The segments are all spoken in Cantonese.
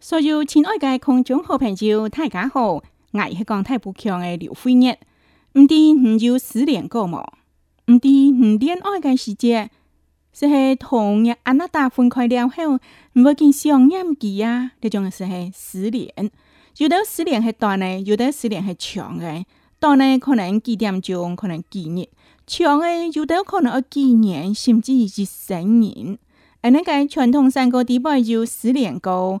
所有親愛的空中好朋友，大家好！我是剛太不強的劉惠月。唔知唔有思戀過麼？唔知唔點愛個時節？是係同阿那達分開了後，唔會見想念幾啊？呢種個是係思戀，有是的思戀係短呢，有是的思戀係長嘅。短呢可能幾點鐘，可能幾日；長嘅有的可能二幾年，甚至一生年。阿那個傳統山歌底背就有思戀過。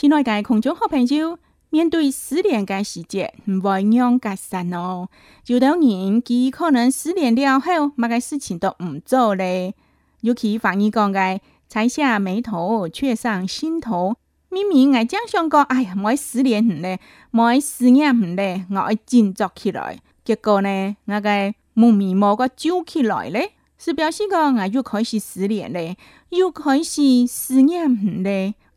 親愛嘅空中好朋友，面對失戀嘅時節，萬樣嘅煩惱，有的人佢可能失戀了後，乜嘅事情都唔做咧。尤其反而講嘅，才下眉頭，卻上心頭。明明愛講想講，哎呀，唔失戀唔咧，唔思念唔咧，我要振作起來。結果呢，我嘅夢迷茫個糾起來咧，是表示講我又開始失戀咧，又開始思念唔咧。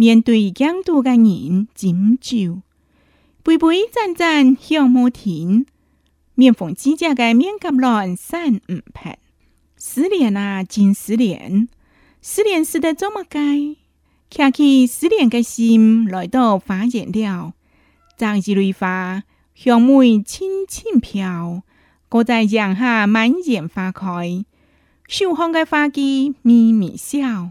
面對鏡肚嘅人，斟酒，杯杯盞盞響無停。面逢知己嘅面三，挾卵散，毋撇。思戀啊，真思戀，思戀使得做麼個。擎起思戀的心，來到花園尞。摘一蕊花，香味陣陣飄，掛在檐下滿園花開。手項的花枝，微微笑。